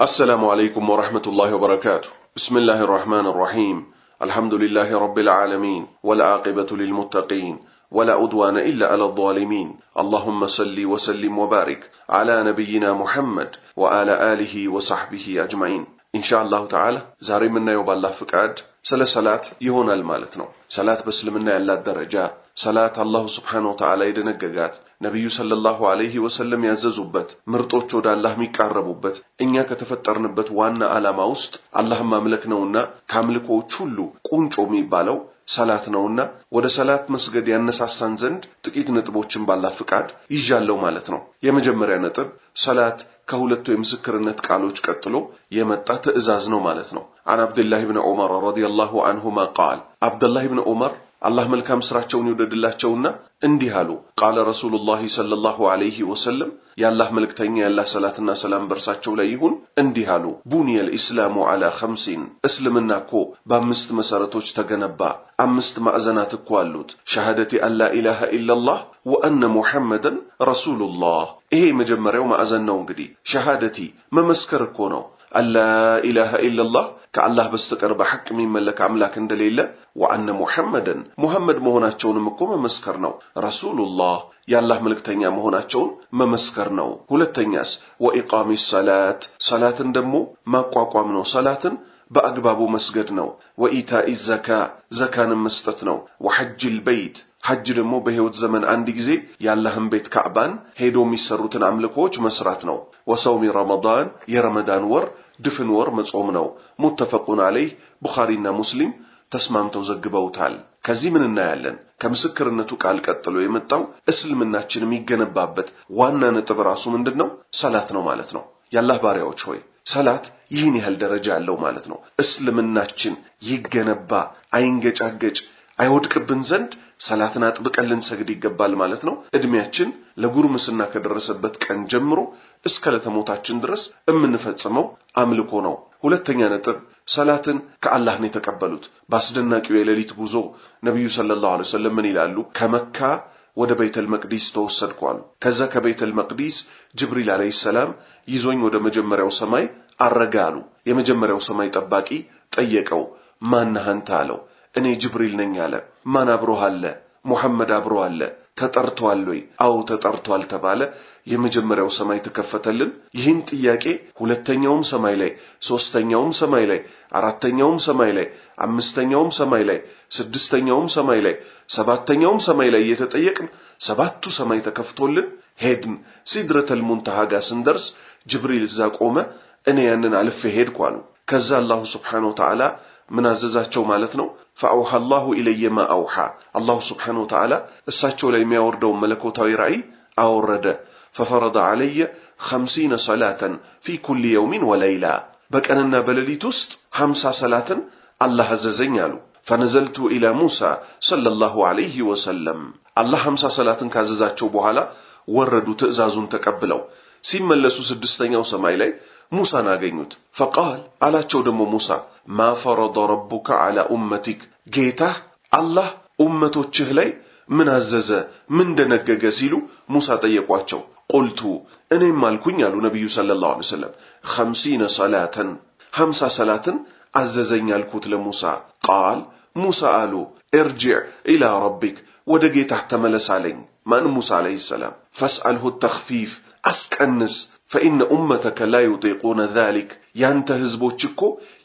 السلام عليكم ورحمة الله وبركاته بسم الله الرحمن الرحيم الحمد لله رب العالمين والعاقبة للمتقين ولا أدوان إلا على الظالمين اللهم صل وسلم وبارك على نبينا محمد وعلى آله وصحبه أجمعين إن شاء الله تعالى زاري منا الله فكاد سلسلات يهون المالتنا سلات بسلمنا إلا الدرجات ሰላት አላሁ ስብሓነ ወተዓላ የደነገጋት ነቢዩ ሰለላሁ ዐለይሂ ወሰለም ያዘዙበት ምርጦች ወደ አላህ የሚቃረቡበት እኛ ከተፈጠርንበት ዋና ዓላማ ውስጥ አላህን ማምለክ ነውና ከአምልኮዎች ሁሉ ቁንጮ የሚባለው ሰላት ነውና ወደ ሰላት መስገድ ያነሳሳን ዘንድ ጥቂት ነጥቦችን ባላ ፍቃድ ይዣለው ማለት ነው። የመጀመሪያ ነጥብ ሰላት ከሁለቱ የምስክርነት ቃሎች ቀጥሎ የመጣ ትዕዛዝ ነው ማለት ነው። አን አብድላህ ብን ዑመር ረዲየላሁ አንሁማ ቃል አብደላህ ብን ዑመር አላህ መልካም ስራቸውን ይወደድላቸውና እንዲህ አሉ። ቃለ ረሱሉላሂ ሰለላሁ ዐለይሂ ወሰለም የአላህ መልእክተኛ የአላህ ሰላትና ሰላም በርሳቸው ላይ ይሁን እንዲህ አሉ። ቡኒየል ኢስላሙ ዐላ ኸምሲን እስልምና እኮ በአምስት መሰረቶች ተገነባ። አምስት ማዕዘናት እኮ አሉት። ሸሃደቲ አን ላኢላሃ ኢለላህ ወአነ ሙሐመደን ረሱሉላህ። ይሄ የመጀመሪያው ማዕዘን ነው። እንግዲህ ሸሃደቲ መመስከር እኮ ነው። لا إله إلا الله كالله بستقر بحكم ملك عملك دليل وأن محمدا محمد مهنا تشون مكوم مسكرنو رسول الله يا الله ملك تنيا مهنا تشون ما مسكرنو هل تنياس وإقام الصلاة صلاة دمو ما قوقوا منو صلاة بأقبابو مسجدنو وإيتاء الزكاة زكاة مستتنو وحج البيت حج دمو بهوت زمن عندك زي يا الله بيت كعبان هيدو ميسروتن عملكوش مسراتنو وصوم رمضان يا رمضان ور ድፍን ወር መጾም ነው። ሙተፈቁን አለይህ ቡኻሪና ሙስሊም ተስማምተው ዘግበውታል። ከዚህ ምን እናያለን? ከምስክርነቱ ቃል ቀጥሎ የመጣው እስልምናችን የሚገነባበት ዋና ነጥብ ራሱ ምንድን ነው? ሰላት ነው ማለት ነው። የአላህ ባሪያዎች ሆይ ሰላት ይህን ያህል ደረጃ አለው ማለት ነው። እስልምናችን ይገነባ አይንገጫገጭ አይወድቅብን ዘንድ ሰላትን አጥብቀን ልንሰግድ ይገባል ማለት ነው። እድሜያችን ለጉርምስና ከደረሰበት ቀን ጀምሮ እስከ ለተሞታችን ድረስ የምንፈጽመው አምልኮ ነው። ሁለተኛ ነጥብ ሰላትን ከአላህ ነው የተቀበሉት። በአስደናቂው የሌሊት ጉዞ ነቢዩ ሰለላሁ ዐለይሂ ወሰለም ምን ይላሉ? ከመካ ወደ ቤተል መቅዲስ ተወሰድኩ አሉ። ከዛ ከቤተል መቅዲስ ጅብሪል ዐለይሂ ሰላም ይዞኝ ወደ መጀመሪያው ሰማይ አረጋ አሉ። የመጀመሪያው ሰማይ ጠባቂ ጠየቀው፣ ማን ነህ አንተ አለው። እኔ ጅብሪል ነኝ አለ። ማን አብሮህ አለ? ሙሐመድ አብሮ አለ። ተጠርቷል ወይ? አዎ ተጠርቷል ተባለ። የመጀመሪያው ሰማይ ተከፈተልን። ይህን ጥያቄ ሁለተኛውም ሰማይ ላይ፣ ሶስተኛውም ሰማይ ላይ፣ አራተኛውም ሰማይ ላይ፣ አምስተኛውም ሰማይ ላይ፣ ስድስተኛውም ሰማይ ላይ፣ ሰባተኛውም ሰማይ ላይ እየተጠየቅን ሰባቱ ሰማይ ተከፍቶልን ሄድን። ሲድረተል ሙንተሃ ስንደርስ ጅብሪል እዛ ቆመ። እኔ ያንን አልፌ ሄድኩ አሉ። ከዛ አላሁ ስብሓነሁ ወተዓላ ምን አዘዛቸው ማለት ነው። ፈአውሃ አላሁ ኢለየ ማ አውሃ አላሁ ስብሓነሁ ወተዓላ እሳቸው ላይ የሚያወርደውን መለኮታዊ ራእይ አወረደ። ፈፈረደ ዓለየ ኸምሲነ ሰላተን ፊ ኩል የውሚን ወለይላ በቀንና በሌሊት ውስጥ ሐምሳ ሰላትን አላህ አዘዘኝ አሉ። ፈነዘልቱ ኢላ ሙሳ ሰለላሁ ዓለይሂ ወሰለም አላህ ሃምሳ ሰላትን ካዘዛቸው በኋላ ወረዱ ትእዛዙን ተቀብለው ሲመለሱ ስድስተኛው ሰማይ ላይ ሙሳን አገኙት። ፈቃል አላቸው ደግሞ ሙሳ ማ ፈረደ ረቡከ ዐላ ኡመቲክ፣ ጌታህ አላህ ኡመቶችህ ላይ ምን አዘዘ ምን ደነገገ ሲሉ ሙሳ ጠየቋቸው። ቁልቱ እኔም አልኩኝ አሉ ነቢዩ ሰለላሁ ዐለይሂ ወሰለም ኸምሲነ ሰላተን ሐምሳ ሰላትን አዘዘኝ አልኩት ለሙሳ። ቃል ሙሳ አሉ እርጅዕ ኢላ ረቢክ፣ ወደ ጌታህ ተመለስ አለኝ። ማን ሙሳ ዐለይሂ ሰላም። ፈስአልሁ ተኽፊፍ አስቀንስ ፈኢነ ኡመተከ ላ ዩጢቁነ ዛሊክ ያንተ ህዝቦች እኮ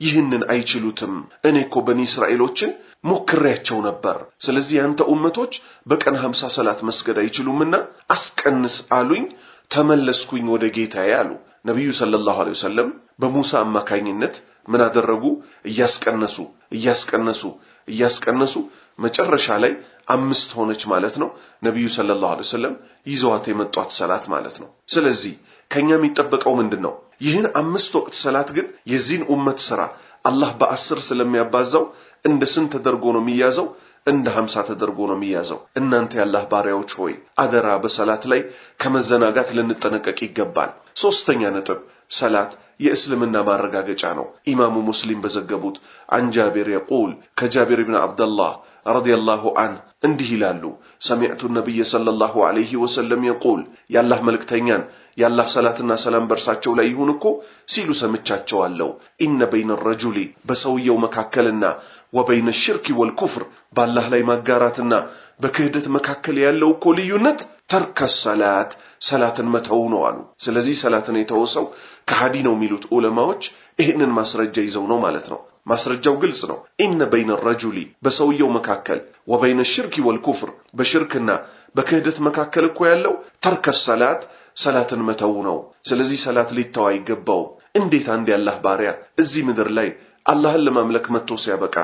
ይህንን አይችሉትም። እኔ እኮ በኒ እስራኤሎችን ሞክሬያቸው ነበር። ስለዚህ ያንተ ኡመቶች በቀን ሀምሳ ሰላት መስገድ አይችሉምና አስቀንስ አሉኝ። ተመለስኩኝ ወደ ጌታዬ አሉ። ነቢዩ ሰለላሁ ዐለይሂ ወሰለም በሙሳ አማካኝነት ምን አደረጉ? እያስቀነሱ እያስቀነሱ እያስቀነሱ መጨረሻ ላይ አምስት ሆነች ማለት ነው። ነቢዩ ሰለላሁ ዐለይሂ ወሰለም ይዘዋት የመጧት ሰላት ማለት ነው። ስለዚህ ከኛ የሚጠበቀው ምንድን ነው? ይህን አምስት ወቅት ሰላት ግን የዚህን ኡመት ስራ አላህ በአስር ስለሚያባዛው እንደ ስንት ተደርጎ ነው የሚያዘው? እንደ ሀምሳ ተደርጎ ነው የሚያዘው። እናንተ የአላህ ባሪያዎች ሆይ አደራ በሰላት ላይ ከመዘናጋት ልንጠነቀቅ ይገባል። ሶስተኛ ነጥብ ሰላት የእስልምና ማረጋገጫ ነው። ኢማሙ ሙስሊም በዘገቡት አን ጃቢር የቁል ከጃቢር ብን አብደላህ ረዲየላሁ አንህ እንዲህ ይላሉ፣ ሰሚዕቱ ነቢይ ሰለላሁ ዐለይሂ ወሰለም የቁል ያላህ መልእክተኛን ያላህ ሰላትና ሰላም በእርሳቸው ላይ ይሁን እኮ ሲሉ ሰምቻቸዋለሁ። ኢነ በይነ ረጁሊ በሰውየው መካከልና ወበይነ ሽርኪ ወልኩፍር ባላህ ላይ ማጋራትና በክህደት መካከል ያለው እኮ ልዩነት ተርከ ሰላት ሰላትን መተው ነው አሉ። ስለዚህ ሰላትን የተወሰው ከሃዲ ነው የሚሉት ዑለማዎች ይህንን ማስረጃ ይዘው ነው ማለት ነው። ማስረጃው ግልጽ ነው። ኢነ በይነ ረጁሊ በሰውየው መካከል ወበይነ ሽርኪ ወልኩፍር በሽርክና በክህደት መካከል እኮ ያለው ተርከ ሰላት ሰላትን መተው ነው። ስለዚህ ሰላት ሊተው አይገባውም። እንዴት አንድ ያላህ ባሪያ እዚህ ምድር ላይ አላህን ለማምለክ መጥቶ ሲያበቃ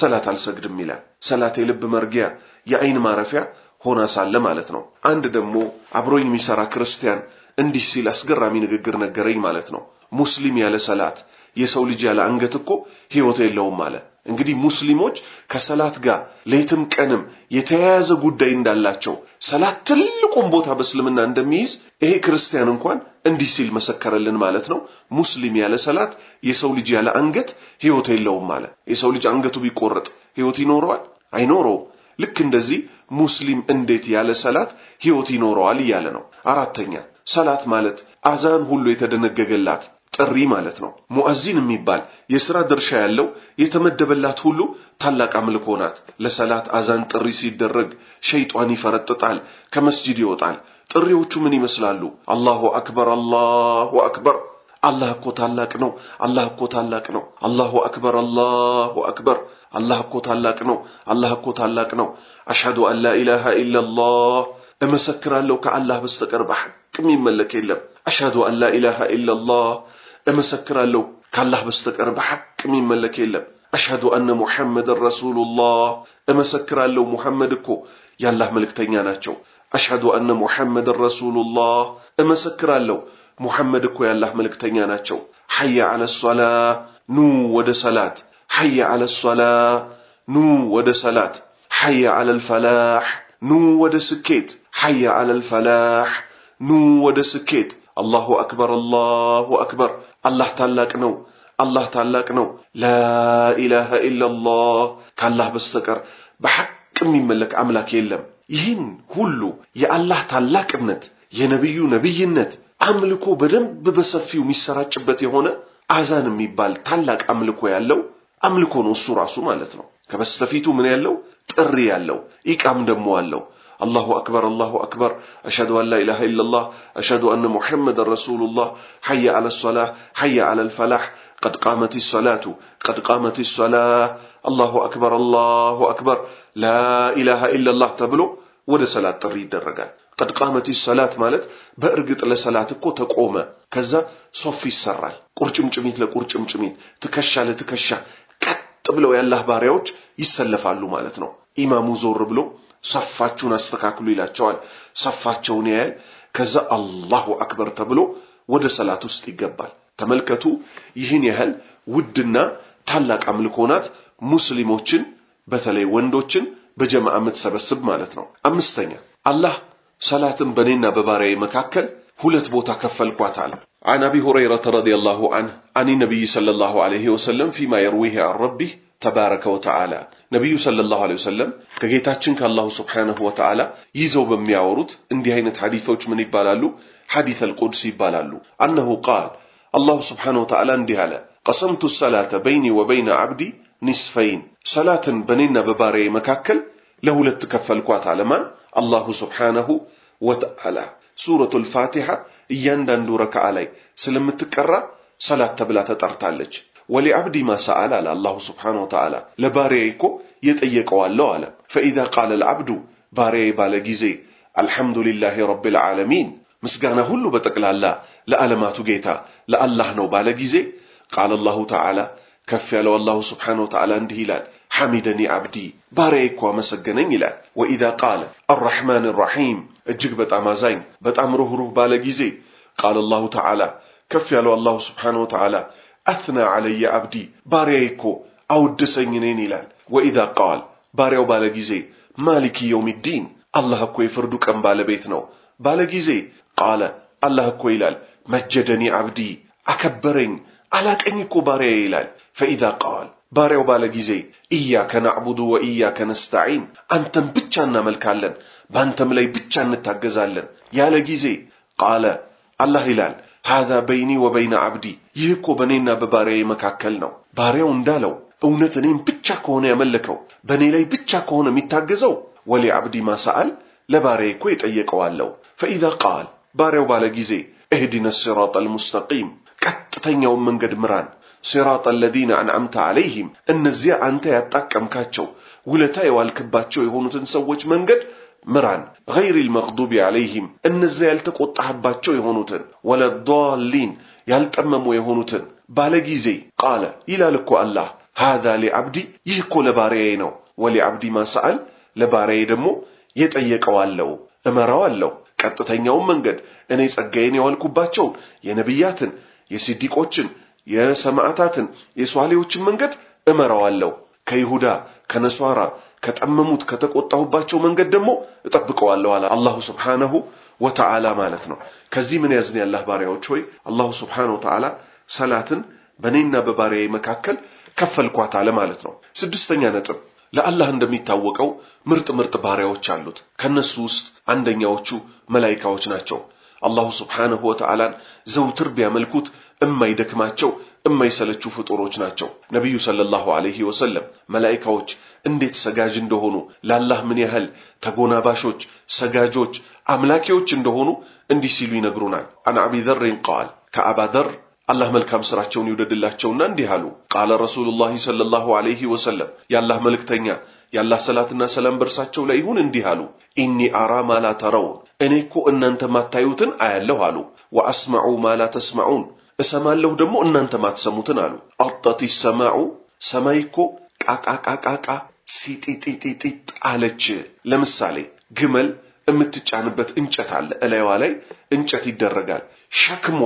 ሰላት አልሰግድም ይላል። ሰላት የልብ መርጊያ የአይን ማረፊያ ሆና ሳለ ማለት ነው። አንድ ደግሞ አብሮኝ የሚሰራ ክርስቲያን እንዲህ ሲል አስገራሚ ንግግር ነገረኝ ማለት ነው። ሙስሊም ያለ ሰላት የሰው ልጅ ያለ አንገት እኮ ህይወት የለውም አለ። እንግዲህ ሙስሊሞች ከሰላት ጋር ሌትም ቀንም የተያያዘ ጉዳይ እንዳላቸው፣ ሰላት ትልቁን ቦታ በእስልምና እንደሚይዝ ይሄ ክርስቲያን እንኳን እንዲህ ሲል መሰከረልን ማለት ነው። ሙስሊም ያለ ሰላት የሰው ልጅ ያለ አንገት ህይወት የለውም አለ። የሰው ልጅ አንገቱ ቢቆረጥ ህይወት ይኖረዋል? አይኖረውም። ልክ እንደዚህ ሙስሊም እንዴት ያለ ሰላት ህይወት ይኖረዋል እያለ ነው። አራተኛ ሰላት ማለት አዛን ሁሉ የተደነገገላት ጥሪ ማለት ነው። ሙአዚን የሚባል የሥራ ድርሻ ያለው የተመደበላት ሁሉ ታላቅ አምልኮ ናት። ለሰላት አዛን ጥሪ ሲደረግ ሸይጧን ይፈረጥጣል፣ ከመስጂድ ይወጣል። ጥሪዎቹ ምን ይመስላሉ? አላሁ አክበር፣ አላሁ አክበር፣ አላህ እኮ ታላቅ ነው፣ አላህ እኮ ታላቅ ነው፣ አላሁ አክበር፣ አላሁ አክበር፣ አላህ እኮ ታላቅ ነው፣ አላህ እኮ ታላቅ ነው፣ አሽሃዱ አን ላ ኢላሃ أمسكر لو كالله بستقر بحق مين ملك إلا أشهد أن لا إله إلا الله أمسكر لو كالله بستقر بحق مين ملك إلا أشهد أن محمد رسول الله أمسكر لو محمدكو يا الله ملك تنيانا أشهد أن محمد رسول الله أمسكر لو محمدكو يا الله ملك تنيانا حي على الصلاة نو ود صلاة حي على الصلاة نو ود صلاة حي على الفلاح نو ودا سكيت حي على الفلاح نو ودا سكيت الله أكبر الله أكبر الله تعلق نو الله تعلق نو لا إله إلا الله كالله بالسكر بحق من ملك أملك يلم يهن كله يا الله تعلق نت يا نبي نبي نت أملكو بدم ببسفيو مسرات شبتي هنا أعزان ميبال تعلق أملكو يالو أملكو نصور عصو مالتنا كبس من يالو ጥሪ ያለው ኢቃም ደግሞ አለው። አላሁ አክበር አላሁ አክበር አሽሀዱ አን ላኢላሃ ኢለላህ አሽሀዱ አነ ሙሐመደን ረሱሉላህ ሐየ ዐለ ሶላህ ሐየ ዐለል ፈላህ ቀድ ቃመቲ ሶላቱ ቀድ ቃመቲ ሶላህ አላሁ አክበር አላሁ አክበር ላኢላሃ ኢለላህ ተብሎ ወደ ሰላት ጥሪ ይደረጋል። ቀድ ቃመቲ ሰላት ማለት በእርግጥ ለሰላት እኮ ተቆመ። ከዛ ሶፍ ይሰራል። ቁርጭምጭሚት ለቁርጭምጭሚት ትከሻ ለትከሻ ቀጥ ብለው የአላህ ባሪያዎች ይሰለፋሉ ማለት ነው። ኢማሙ ዞር ብሎ ሰፋችሁን አስተካክሉ ይላቸዋል። ሰፋቸውን ያያል። ከዛ አላሁ አክበር ተብሎ ወደ ሰላት ውስጥ ይገባል። ተመልከቱ፣ ይህን ያህል ውድና ታላቅ አምልኮ ናት። ሙስሊሞችን በተለይ ወንዶችን በጀማዓ የምትሰበስብ ማለት ነው። አምስተኛ አላህ ሰላትን በእኔና በባሪያዬ መካከል ሁለት ቦታ ከፈልኳት አለ። አን አቢ ሁረይረተ ረዲየላሁ አንሁ አኒ ነቢይ ሰለላሁ ዐለይሂ ወሰለም ፊማ የርዊሂ አን ረቢህ ተባረከ ወተዓላ ነቢዩ ሰለላሁ ዐለይሂ ወሰለም ከጌታችን ከአላሁ ስብሓነሁ ወተዓላ ይዘው በሚያወሩት እንዲህ አይነት ሐዲቶች ምን ይባላሉ? ሐዲት አልቁድስ ይባላሉ። አነሁ ቃል አላሁ ስብሓነሁ ወተዓላ እንዲህ አለ፣ ቀሰምቱ ሰላተ በይኒ ወበይነ ዓብዲ ኒስፈይን፣ ሰላትን በእኔና በባሪያዬ መካከል ለሁለት ከፈልኳት አለማን አላሁ ስብሓነሁ ወተዓላ ሱረቱል ፋቲሓ እያንዳንዱ ረክዓ ላይ ስለምትቀራ ሰላት ተብላ ተጠርታለች። ወሊአብዲ ማሰአል አለ አላሁ ስብሓነሁ ወተዓላ ለባሪያ እኮ የጠየቀዋለው አለ። ፈኢዛ ቃለ ልዓብዱ ባሪያ ባለ ጊዜ አልሐምዱሊላሂ ረቢል ዓለሚን ምስጋና ሁሉ በጠቅላላ ለዓለማቱ ጌታ ለአላህ ነው ባለ ጊዜ ቃለ አላሁ ተዓላ ከፍ ያለው አላሁ ስብሓነሁ ወተዓላ እንዲህ ይላል ሐሚደኒ አብዲ ባሪያ እኮ አመሰገነኝ ይላል። ወኢዛ ቃለ አራሕማን ራሒም እጅግ በጣም አዛኝ በጣም ሩህሩህ ባለ ጊዜ ቃለ አላሁ ተዓላ ከፍ ያለው አላሁ ስብሓነሁ ወተዓላ አፍና አለየ አብዲ ባሪያዬ እኮ አውድሰኝ እኔን ይላል። ወኢዛ ቃል ባሪያው ባለ ጊዜ ማሊኪ የውሚዲን አላህ እኮ የፍርዱ ቀን ባለቤት ነው ባለ ጊዜ ቃለ አላህ እኮ ይላል መጀደኒ አብዲ አከበረኝ አላቀኝ እኮ ባሪያዬ ይላል። ፈኢዛ ቃል ባሪያው ባለ ጊዜ ኢያከ ናዕቡዱ ወኢያከ ነስተዒን አንተም ብቻ እናመልካለን፣ በአንተም ላይ ብቻ እንታገዛለን ያለ ጊዜ ቃለ አላህ ይላል ሀዛ በይኒ ወበይነ አብዲ፣ ይህ እኮ በእኔና በባሪያዬ መካከል ነው። ባሪያው እንዳለው እውነት እኔም ብቻ ከሆነ ያመለከው በእኔ ላይ ብቻ ከሆነ የሚታገዘው ወሊ አብዲ ማሳአል ለባሪያ እኮ የጠየቀዋለው። ፈኢዛ ቃል ባሪያው ባለ ጊዜ እህዲነ ሲራጥ አልሙስተቂም ቀጥተኛውን መንገድ ምራን። ሲራጥ አለዚነ አንዓምተ አለይሂም እነዚያ አንተ ያጣቀምካቸው ውለታ የዋልክባቸው የሆኑትን ሰዎች መንገድ ምራን ገይሪል መቅዱቢ አለይሂም እነዚያ ያልተቆጣህባቸው የሆኑትን ወለዳሊን ያልጠመሙ የሆኑትን ባለ ጊዜ ቃለ ይላል እኮ አላህ ሃዛ ሊዐብዲ ይህ እኮ ለባሪያዬ ነው። ወሊዐብዲ ማሰአል ለባሪያዬ ደግሞ የጠየቀው አለው እመራው አለው ቀጥተኛውን መንገድ እኔ ጸጋዬን ያዋልኩባቸውን የነቢያትን፣ የሲዲቆችን፣ የሰማዕታትን፣ የሷሌዎችን መንገድ እመራዋለሁ ከይሁዳ ከነሷራ ከጠመሙት ከተቆጣሁባቸው መንገድ ደግሞ እጠብቀዋለሁ አለ አላሁ ስብሓነሁ ወተዓላ ማለት ነው። ከዚህ ምን ያዝን? ያላህ ባሪያዎች ሆይ አላሁ ስብሓነሁ ወተዓላ ሰላትን በእኔና በባሪያዬ መካከል ከፈልኳት አለ ማለት ነው። ስድስተኛ ነጥብ ለአላህ እንደሚታወቀው ምርጥ ምርጥ ባሪያዎች አሉት። ከነሱ ውስጥ አንደኛዎቹ መላይካዎች ናቸው። አላሁ ስብሓነሁ ወተዓላን ዘውትር ቢያመልኩት እማይደክማቸው እማይሰለቹ ፍጡሮች ናቸው። ነቢዩ ሰለላሁ ዐለይሂ ወሰለም መላኢካዎች እንዴት ሰጋጅ እንደሆኑ ለአላህ ምን ያህል ተጎናባሾች፣ ሰጋጆች፣ አምላኪዎች እንደሆኑ እንዲህ ሲሉ ይነግሩናል። አን አቢ ዘርን ቃል ከአባ ዘር አላህ መልካም ስራቸውን ይውደድላቸውና እንዲህ አሉ። ቃለ ረሱሉላሂ ሰለላሁ ዐለይሂ ወሰለም የአላህ መልእክተኛ የአላህ ሰላትና ሰላም በርሳቸው ላይ ይሁን እንዲህ አሉ። ኢኒ አራ ማላ ተረውን እኔ እኮ እናንተ ማታዩትን አያለሁ አሉ። ወአስማዑ ማላ ተስማዑን እሰማለሁ ደግሞ እናንተ ማትሰሙትን አሉ። አጣቲ ሰማዑ ሰማይ እኮ ቃቃቃቃቃ ሲጢጢጢጢጥ አለች። ለምሳሌ ግመል የምትጫንበት እንጨት አለ። እላይዋ ላይ እንጨት ይደረጋል። ሸክሟ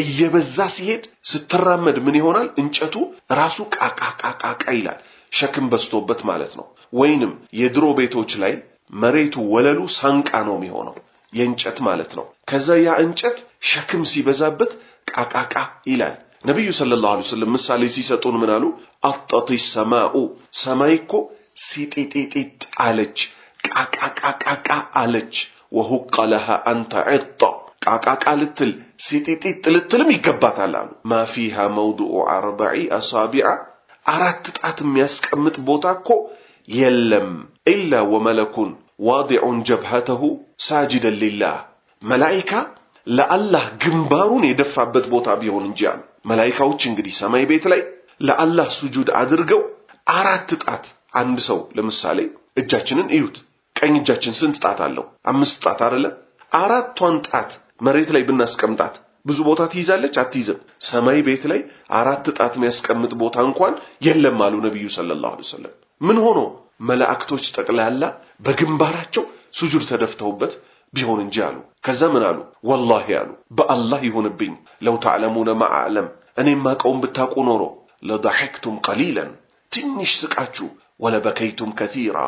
እየበዛ ሲሄድ ስትራመድ ምን ይሆናል? እንጨቱ ራሱ ቃቃቃቃቃ ይላል። ሸክም በዝቶበት ማለት ነው። ወይንም የድሮ ቤቶች ላይ መሬቱ ወለሉ ሳንቃ ነው የሚሆነው የእንጨት ማለት ነው። ከዛ ያ እንጨት ሸክም ሲበዛበት ቃቃቃ ይላል። ነቢዩ ሰለላሁ ዐለይሂ ወሰለም ምሳሌ ሲሰጡን ምን አሉ? አጠጢ ሰማኡ ሰማይ እኮ ሲጢጢጢጥ አለች፣ ቃቃቃቃቃ አለች። ወሁቀ ለሃ አንተ ዒጣ ቃቃቃ ልትል ሲጢጢጥ ልትልም ይገባታል አሉ። ማ ፊሃ መውድኡ አርበዒ አራት ጣት የሚያስቀምጥ ቦታ እኮ የለም። ኢላ ወመለኩን ዋዲዑን ጀብሃተሁ ሳጅደን ሊላህ መላኢካ ለአላህ ግንባሩን የደፋበት ቦታ ቢሆን እንጂ አሉ። መላይካዎች እንግዲህ ሰማይ ቤት ላይ ለአላህ ሱጁድ አድርገው አራት ጣት አንድ ሰው ለምሳሌ እጃችንን እዩት። ቀኝ እጃችን ስንት ጣት አለው? አምስት ጣት አይደለ? አራቷን ጣት መሬት ላይ ብናስቀምጣት ብዙ ቦታ ትይዛለች? አትይዝም። ሰማይ ቤት ላይ አራት ጣት የሚያስቀምጥ ቦታ እንኳን የለም አሉ ነቢዩ ሰለላሁ ዐለይሂ ወሰለም። ምን ሆኖ መላእክቶች ጠቅላላ በግንባራቸው ሱጁድ ተደፍተውበት ቢሆን እንጂ አሉ። ከዛ ምን አሉ? ወላሂ አሉ በአላህ ይሆንብኝ ለው ተዕለሙነ ማዕለም እኔም ማቀውን ብታውቁ ኖሮ ለዳሕክቱም ቀሊለን ትንሽ ስቃችሁ ወለበከይቱም ከቲራ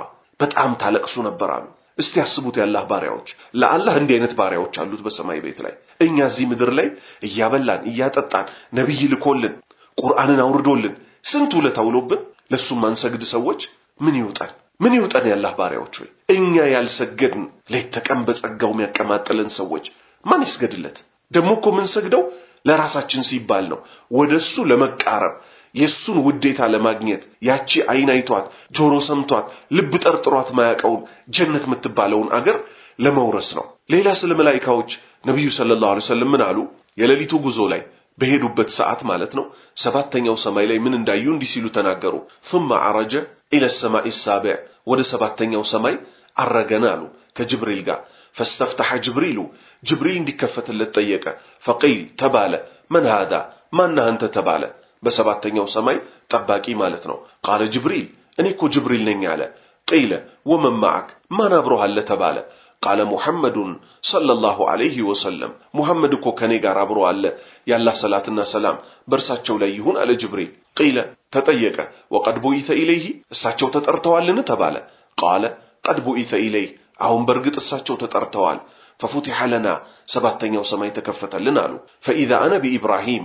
በጣም ታለቅሱ ነበር አሉ። እስቲ ያስቡት የአላህ ባሪያዎች፣ ለአላህ እንዲህ አይነት ባሪያዎች አሉት በሰማይ ቤት ላይ። እኛ እዚህ ምድር ላይ እያበላን እያጠጣን ነቢይ ልኮልን ቁርአንን አውርዶልን ስንት ውለታ ውሎብን ለእሱም አንሰግድ ሰዎች ምን ይውጣል? ምን ይውጠን ያላህ ባሪያዎች ሆይ እኛ ያልሰገድን ሌት ተቀን በጸጋው የሚያቀማጥልን ሰዎች ማን ይስገድለት? ደግሞ እኮ የምንሰግደው ለራሳችን ሲባል ነው። ወደ እሱ ለመቃረብ የእሱን ውዴታ ለማግኘት ያቺ አይን አይቷት ጆሮ ሰምቷት ልብ ጠርጥሯት ማያቀውን ጀነት የምትባለውን አገር ለመውረስ ነው። ሌላ ስለ መላኢካዎች ነቢዩ ሰለላሁ ዐለይሂ ወሰለም ምን አሉ? የሌሊቱ ጉዞ ላይ በሄዱበት ሰዓት ማለት ነው። ሰባተኛው ሰማይ ላይ ምን እንዳዩ እንዲህ ሲሉ ተናገሩ። ثم አረጀ إلى السماء السابع ود سبع تنيا وسماي أرجنالو كجبريل جا فاستفتح جبريلو جبريل دي كفت اللي فقيل تبالة من هذا ما أنت تبالة بسبع تنيا وسماي تباكي مالتنا قال جبريل أني كو جبريل نيني على قيل ومن معك ما نبروها اللي تبالة قال محمد صلى الله عليه وسلم محمد كو كنيغا رابرو الله يالله صلاتنا سلام برسات شولا يهون على جبريل قيل تطيق وقد بويث إليه الساتشو تطرتوال لنتبال قال قد بويث إليه أهم برغت الساتشو تطرتوال ففتح لنا سباتن يو سماي تكفتا لنالو فإذا أنا بإبراهيم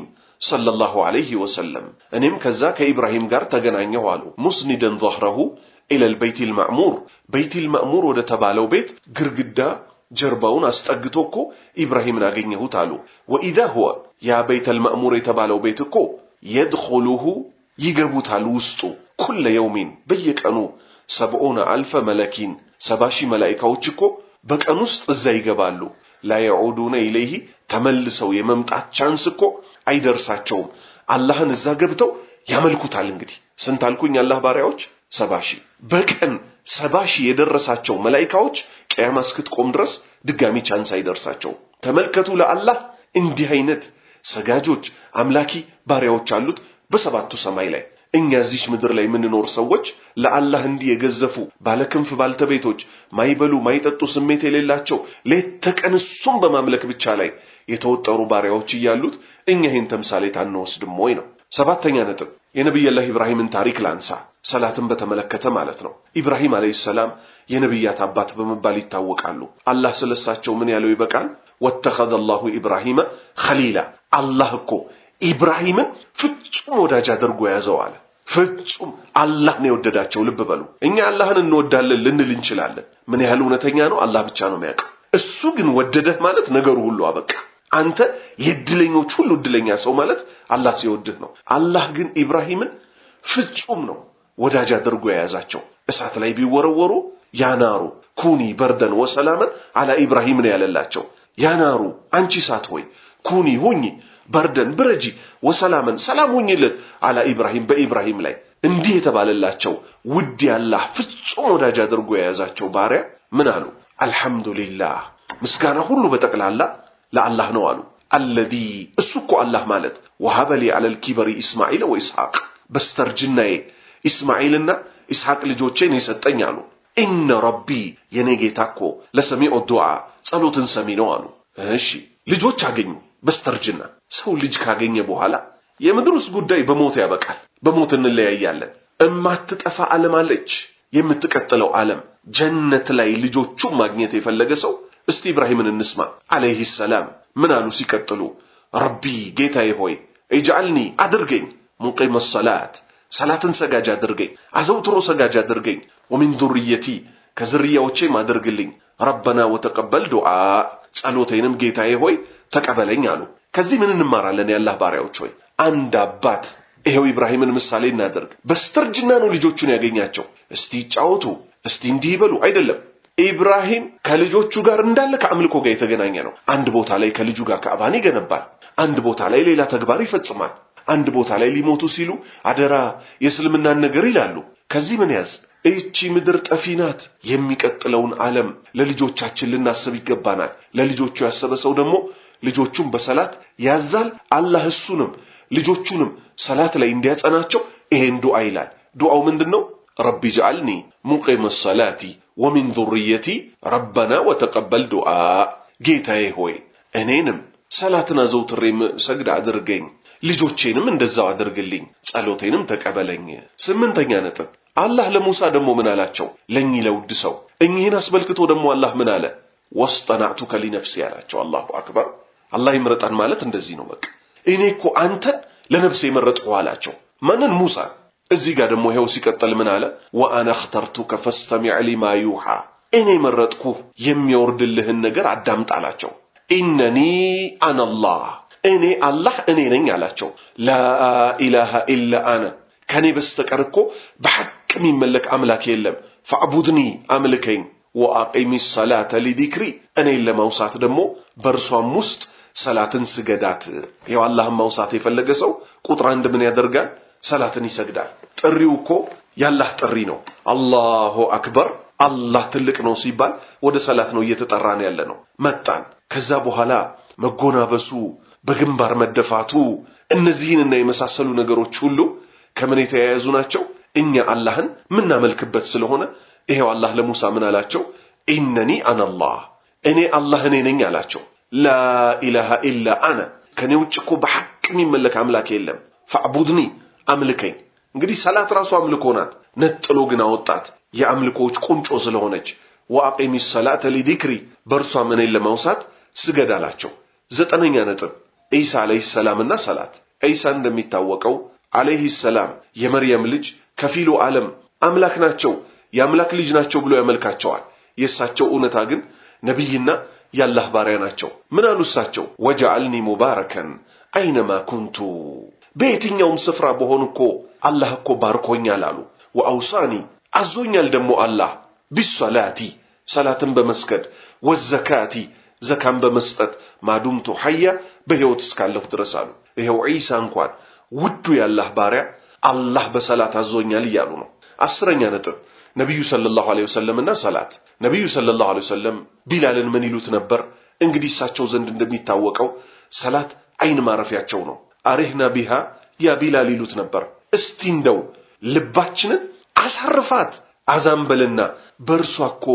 صلى الله عليه وسلم أنم كذا إبراهيم غار تغن عن يوالو مسندا ظهره إلى البيت المأمور بيت المأمور ودى تبالو بيت غرغدا جرباون استغتوكو إبراهيم ناغين يهو تالو وإذا هو يا بيت المأمور يتبالو بيتكو የድኹሉሁ ይገቡታል ውስጡ ኩለ የውሚን በየቀኑ ሰብዑነ አልፈ መለኪን ሰባ ሺህ መላኢካዎች እኮ በቀን ውስጥ እዛ ይገባሉ። ላየዑዱነ ኢለይህ ተመልሰው የመምጣት ቻንስ እኮ አይደርሳቸውም። አላህን እዛ ገብተው ያመልኩታል። እንግዲህ ስንት አልኩኝ? አላህ ባሪያዎች ሰባ ሺህ በቀን ሰባ ሺህ የደረሳቸው መላኢካዎች ቅያማ እስክትቆም ድረስ ድጋሚ ቻንስ አይደርሳቸውም። ተመልከቱ ለአላህ እንዲህ አይነት ሰጋጆች፣ አምላኪ ባሪያዎች አሉት በሰባቱ ሰማይ ላይ። እኛ እዚች ምድር ላይ የምንኖር ሰዎች ለአላህ እንዲህ የገዘፉ ባለክንፍ ባልተቤቶች፣ ማይበሉ ማይጠጡ፣ ስሜት የሌላቸው ሌት ተቀን እሱም በማምለክ ብቻ ላይ የተወጠሩ ባሪያዎች እያሉት እኛ ይህን ተምሳሌት አንወስድም ወይ ነው። ሰባተኛ ነጥብ የነቢያላህ ኢብራሂምን ታሪክ ላንሳ፣ ሰላትን በተመለከተ ማለት ነው። ኢብራሂም ዓለይሂ ሰላም የነቢያት አባት በመባል ይታወቃሉ። አላህ ስለሳቸው ምን ያለው ይበቃል። ወተኸዘ አላሁ ኢብራሂመ ኸሊላ አላህ እኮ ኢብራሂምን ፍጹም ወዳጅ አድርጎ ያዘው አለ። ፍጹም አላህ ነው የወደዳቸው። ልብ በሉ። እኛ አላህን እንወዳለን ልንል እንችላለን። ምን ያህል እውነተኛ ነው አላህ ብቻ ነው የሚያውቀው። እሱ ግን ወደደህ ማለት ነገሩ ሁሉ አበቃ። አንተ የእድለኞች ሁሉ እድለኛ ሰው ማለት አላህ ሲወድህ ነው። አላህ ግን ኢብራሂምን ፍጹም ነው ወዳጅ አድርጎ የያዛቸው። እሳት ላይ ቢወረወሩ ያናሩ ኩኒ በርደን ወሰላመን አላ ነው ያለላቸው ያናሩ አንቺ እሳት ሆይ ኩኒ ሁኝ፣ በርደን ብረጂ፣ ወሰላመን ሰላም ሁኝለት አላ ኢብራሂም በኢብራሂም ላይ እንዲህ የተባለላቸው ውድ ያላህ ፍጹም ወዳጅ አድርጎ የያዛቸው ባሪያ ምን አሉ? አልሐምዱሊላህ ምስጋና ሁሉ በጠቅላላ ለአላህ ነው አሉ። አለዚ እሱ እኮ አላህ ማለት ወሀበሊ አለል ኪበሪ ኢስማዒል ወኢስሐቅ በስተርጅናዬ ኢስማዒልና ኢስሐቅ ልጆቼን የሰጠኝ አሉ። ኢነ ረቢ የኔ ጌታ እኮ ለሰሚዖ ዱዓ ጸሎትን ሰሚ ነው አሉ። እሺ ልጆች አገኙ። በስተርጅና ሰው ልጅ ካገኘ በኋላ የምድሩስ ጉዳይ በሞት ያበቃል። በሞት እንለያያለን። እማትጠፋ ዓለም አለች፣ የምትቀጥለው ዓለም ጀነት ላይ ልጆቹን ማግኘት የፈለገ ሰው እስቲ ኢብራሂምን እንስማ አለይሂ ሰላም ምን አሉ ሲቀጥሉ ረቢ ጌታዬ ሆይ ኢጅአልኒ አድርገኝ ሙቂመ ሰላት ሰላትን ሰጋጅ አድርገኝ አዘውትሮ ሰጋጅ አድርገኝ ወሚን ዙርየቲ ከዝርያዎቼም አድርግልኝ ረበና ወተቀበል ዱዓ ጸሎቴንም ጌታዬ ሆይ ተቀበለኝ አሉ። ከዚህ ምን እንማራለን? የአላህ ባሪያዎች ሆይ አንድ አባት ይሄው ኢብራሂምን ምሳሌ እናደርግ። በስተርጅና ነው ልጆቹን ያገኛቸው። እስቲ ይጫወቱ፣ እስቲ እንዲህ ይበሉ አይደለም። ኢብራሂም ከልጆቹ ጋር እንዳለ ከአምልኮ ጋር የተገናኘ ነው። አንድ ቦታ ላይ ከልጁ ጋር ከአባን ይገነባል። አንድ ቦታ ላይ ሌላ ተግባር ይፈጽማል። አንድ ቦታ ላይ ሊሞቱ ሲሉ አደራ የእስልምናን ነገር ይላሉ። ከዚህ ምን ያዝ እቺ ምድር ጠፊ ናት። የሚቀጥለውን ዓለም ለልጆቻችን ልናስብ ይገባናል። ለልጆቹ ያሰበ ሰው ደግሞ ልጆቹን በሰላት ያዛል። አላህ እሱንም ልጆቹንም ሰላት ላይ እንዲያጸናቸው ይሄን ዱዓ ይላል። ዱዓው ምንድነው? ረቢ ጅዓልኒ ሙቂመ ሰላቲ ወሚን ዙርየቲ ረበና ወተቀበል ዱዓ። ጌታዬ ሆይ እኔንም ሰላትን አዘውትሬ ሰግድ አድርገኝ፣ ልጆቼንም እንደዛው አድርግልኝ፣ ጸሎቴንም ተቀበለኝ። ስምንተኛ ነጥብ አላህ ለሙሳ ደግሞ ምን አላቸው? ለእኚ ለውድ ሰው እኚህን አስመልክቶ ደግሞ አላህ ምን አለ? ወስጠናዕቱከ ሊነፍሲ ያላቸው። አላሁ አክበር አላህ ይምረጣን ማለት እንደዚህ ነው። በቃ እኔ እኮ አንተን ለነፍሴ የመረጥኩህ አላቸው። ማንን? ሙሳ። እዚህ ጋር ደግሞ ይኸው ሲቀጥል ምን አለ? ወአነ እኽተርቱከ ፈስተሚዕ ሊማ ዩሓ፣ እኔ መረጥኩህ የሚወርድልህን ነገር አዳምጥ አላቸው። ኢነኒ አነላህ፣ እኔ አላህ እኔ ነኝ አላቸው። ላኢላሃ ኢላ አነ፣ ከእኔ በስተቀር እኮ በሐቅ የሚመለክ አምላክ የለም። ፈዕቡድኒ፣ አምልከኝ። ወአቂሚ ሰላተ ሊዲክሪ፣ እኔን ለማውሳት ደግሞ በእርሷም ውስጥ ሰላትን ስገዳት። ይኸው አላህን ማውሳት የፈለገ ሰው ቁጥር አንድ ምን ያደርጋል? ሰላትን ይሰግዳል። ጥሪው እኮ ያላህ ጥሪ ነው። አላሁ አክበር፣ አላህ ትልቅ ነው ሲባል ወደ ሰላት ነው እየተጠራ ነው ያለ ነው። መጣን። ከዛ በኋላ መጎናበሱ፣ በግንባር መደፋቱ፣ እነዚህንና የመሳሰሉ ነገሮች ሁሉ ከምን የተያያዙ ናቸው? እኛ አላህን ምናመልክበት ስለሆነ ይሄው አላህ ለሙሳ ምን አላቸው? ኢነኒ አናላህ፣ እኔ አላህ እኔ ነኝ አላቸው። ላኢላሃ ኢላ አነ ከኔ ውጭ እኮ በሐቅ የሚመለክ አምላክ የለም። ፈዕቡድኒ አምልከኝ። እንግዲህ ሰላት ራሱ አምልኮ ናት። ነጥሎ ግን አወጣት የአምልኮዎች ቁንጮ ስለሆነች ወአቂሚ ሰላተ ሊዲክሪ በእርሷ እኔን ለማውሳት ስገድ አላቸው። ዘጠነኛ ነጥብ ኢሳ ዓለይሂ ሰላምና ሰላት። ዒሳ እንደሚታወቀው ዓለይሂ ሰላም የመርየም ልጅ ከፊሉ ዓለም አምላክ ናቸው፣ የአምላክ ልጅ ናቸው ብሎ ያመልካቸዋል። የእሳቸው እውነታ ግን ነቢይና ያላህ ባሪያ ናቸው። ምን አሉ እሳቸው? ወጀዐልኒ ሙባረከን አይነማ ኩንቱ፣ በየትኛውም ስፍራ በሆን እኮ አላህ እኮ ባርኮኛል አሉ። ወአውሳኒ አዞኛል ደግሞ አላህ ቢሰላቲ፣ ሰላትን በመስገድ ወዘካቲ፣ ዘካን በመስጠት ማዱምቱ ሐያ፣ በሕይወት እስካለሁ ድረስ አሉ። ይኸው ዒሳ እንኳን ውዱ ያላህ ባሪያ አላህ በሰላት አዞኛል እያሉ ነው። አስረኛ ነጥብ ነቢዩ ሰለላሁ ዐለይሂ እና ሰላት። ነቢዩ ሰለላሁ ዐለይሂ ወሰለም ቢላልን ምን ይሉት ነበር? እንግዲህ እሳቸው ዘንድ እንደሚታወቀው ሰላት አይን ማረፊያቸው ነው። አሬህና ቢሃ ያ ቢላል ይሉት ነበር። እስቲ እንደው ልባችንን አሳርፋት አዛንበልና በእርሷ እኮ